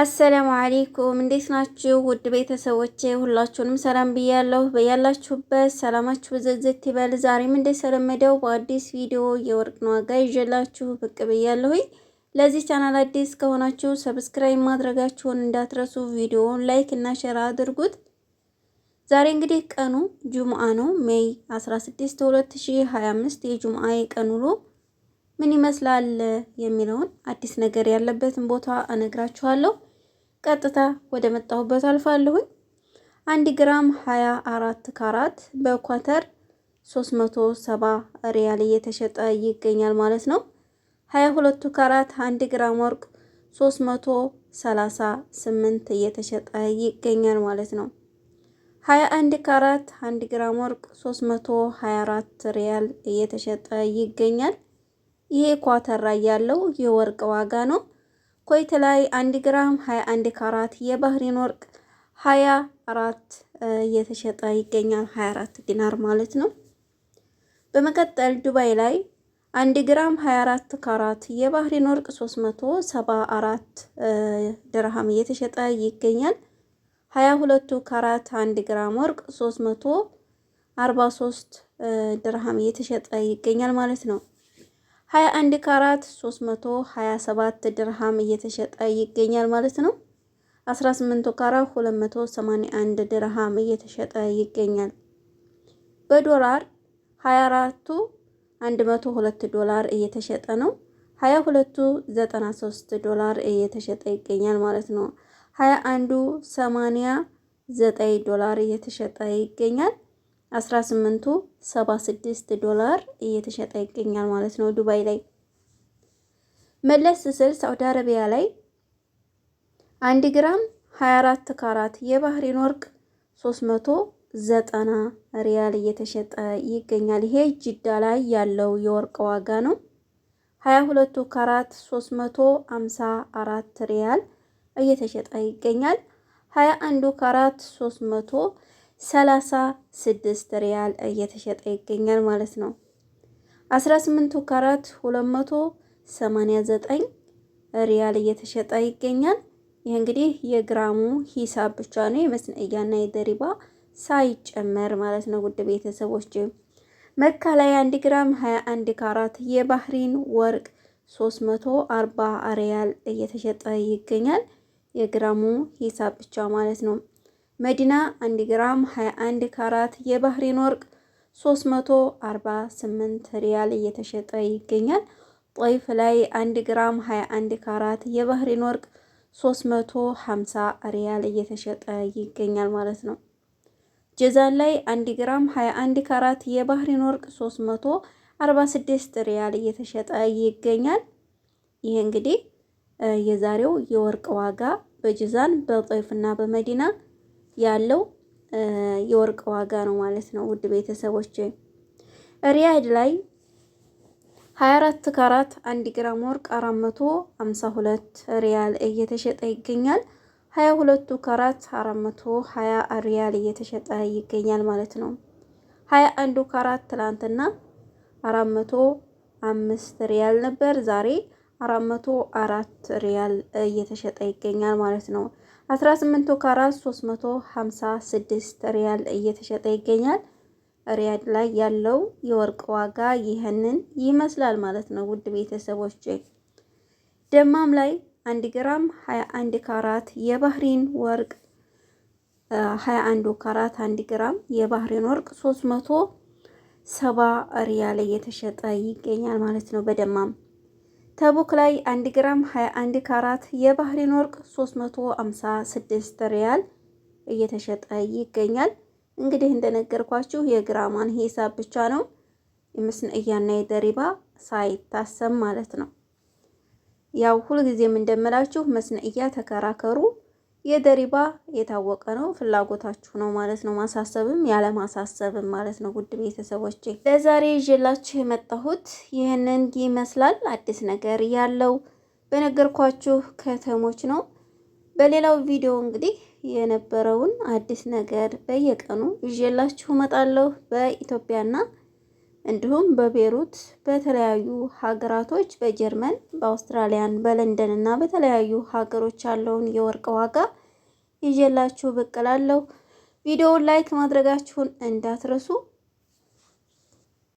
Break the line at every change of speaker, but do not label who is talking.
አሰላሙ አሌይኩም እንዴት ናችሁ? ውድ ቤተሰቦቼ ሁላችሁንም ሰላም ብያለሁ። በያላችሁበት ሰላማችሁ ብዝዝት ይበል። ዛሬም እንደተለመደው በአዲስ ቪዲዮ የወርቅን ዋጋ ይዤላችሁ ብቅ ብያለሁኝ። ለዚህ ቻናል አዲስ ከሆናችሁ ሰብስክራይብ ማድረጋችሁን እንዳትረሱ፣ ቪዲዮውን ላይክ እና ሼር አድርጉት። ዛሬ እንግዲህ ቀኑ ጁምአ ነው። ሜይ 16 2025 የጁምአ የቀን ውሎ ምን ይመስላል የሚለውን አዲስ ነገር ያለበትን ቦታ እነግራችኋለሁ። ቀጥታ ወደ መጣሁበት አልፋለሁኝ። አንድ ግራም 24 ካራት በኳተር 370 ሪያል እየተሸጠ ይገኛል ማለት ነው። 22ቱ ካራት 1 ግራም ወርቅ 338 እየተሸጠ ይገኛል ማለት ነው። 21 ካራት 1 ግራም ወርቅ 324 ሪያል እየተሸጠ ይገኛል። ይሄ ኳተር ላይ ያለው የወርቅ ዋጋ ነው። ኩዌት ላይ 1 ግራም 21 ካራት የባህሪን ወርቅ 24 እየተሸጠ ይገኛል። 24 ዲናር ማለት ነው። በመቀጠል ዱባይ ላይ 1 ግራም 24 ካራት የባህሪን ወርቅ 374 ድርሃም እየተሸጠ ይገኛል። 22 ካራት 1 ግራም ወርቅ 343 ድርሃም እየተሸጠ ይገኛል ማለት ነው። 21 ካራት 327 ድርሃም እየተሸጠ ይገኛል ማለት ነው። 18 ካራት 281 ድርሃም እየተሸጠ ይገኛል። በዶላር 24ቱ 102 ዶላር እየተሸጠ ነው። 22ቱ 93 ዶላር እየተሸጠ ይገኛል ማለት ነው። 21ዱ 89 ዶላር እየተሸጠ ይገኛል። 18ቱ 76 ዶላር እየተሸጠ ይገኛል ማለት ነው ዱባይ ላይ። መለስ ስል ሳውዲ አረቢያ ላይ 1 ግራም 24 ካራት የባህሪን ወርቅ 390 ሪያል እየተሸጠ ይገኛል። ይሄ ጅዳ ላይ ያለው የወርቅ ዋጋ ነው። 22ቱ ካራት 354 ሪያል እየተሸጠ ይገኛል። 21ዱ ካራት 300 ሰላሳ ስድስት ሪያል እየተሸጠ ይገኛል ማለት ነው። ስምንቱ ካራት ዘጠኝ ሪያል እየተሸጠ ይገኛል። ይህ እንግዲህ የግራሙ ሂሳብ ብቻ ነው የመስነእያና የደሪባ ሳይጨመር ማለት ነው። ውድ ቤተሰቦች መካ ላይ አንድ ግራም አንድ ካራት የባህሪን ወርቅ አርባ ሪያል እየተሸጠ ይገኛል። የግራሙ ሂሳብ ብቻ ማለት ነው። መዲና 1 ግራም 21 ካራት የባህሬን ወርቅ 348 ሪያል እየተሸጠ ይገኛል። ጦይፍ ላይ 1 ግራም 21 ካራት የባህሬን ወርቅ 350 ሪያል እየተሸጠ ይገኛል ማለት ነው። ጀዛን ላይ 1 ግራም 21 ካራት የባህሬን ወርቅ 346 ሪያል እየተሸጠ ይገኛል። ይሄ እንግዲህ የዛሬው የወርቅ ዋጋ በጅዛን በጦይፍና በመዲና ያለው የወርቅ ዋጋ ነው ማለት ነው። ውድ ቤተሰቦች ሪያድ ላይ 24 ካራት 1 ግራም ወርቅ 452 ሪያል እየተሸጠ ይገኛል። ካራት 420 ሪያል እየተሸጠ ይገኛል ማለት ነው። ካራት ትላንትና 405 ሪያል ነበር ዛሬ አራት መቶ አራት ሪያል እየተሸጠ ይገኛል ማለት ነው። አስራ ስምንቱ ካራት ሶስት መቶ ሀምሳ ስድስት ሪያል እየተሸጠ ይገኛል። ሪያድ ላይ ያለው የወርቅ ዋጋ ይህንን ይመስላል ማለት ነው። ውድ ቤተሰቦች ደማም ላይ አንድ ግራም ሀያ አንድ ካራት የባህሪን ወርቅ ሀያ አንዱ ካራት አንድ ግራም የባህሪን ወርቅ ሶስት መቶ ሰባ ሪያል እየተሸጠ ይገኛል ማለት ነው በደማም ተቡክ ላይ 1 ግራም 21 ካራት የባህሪን ወርቅ 356 ሪያል እየተሸጠ ይገኛል። እንግዲህ እንደነገርኳችሁ የግራማን ሂሳብ ብቻ ነው የመስነእያና የደሪባ ሳይታሰብ ማለት ነው። ያው ሁልጊዜም እንደምላችሁ መስነእያ ተከራከሩ። የደሪባ የታወቀ ነው። ፍላጎታችሁ ነው ማለት ነው። ማሳሰብም ያለ ማሳሰብም ማለት ነው። ውድ ቤተሰቦች ለዛሬ ይዤላችሁ የመጣሁት ይህንን ይመስላል። አዲስ ነገር ያለው በነገርኳችሁ ከተሞች ነው። በሌላው ቪዲዮ እንግዲህ የነበረውን አዲስ ነገር በየቀኑ ይዤላችሁ እመጣለሁ በኢትዮጵያና እንዲሁም በቤሩት በተለያዩ ሀገራቶች በጀርመን በአውስትራሊያን በለንደን እና በተለያዩ ሀገሮች ያለውን የወርቅ ዋጋ ይዤላችሁ ብቅ እላለሁ። ቪዲዮውን ላይክ ማድረጋችሁን እንዳትረሱ።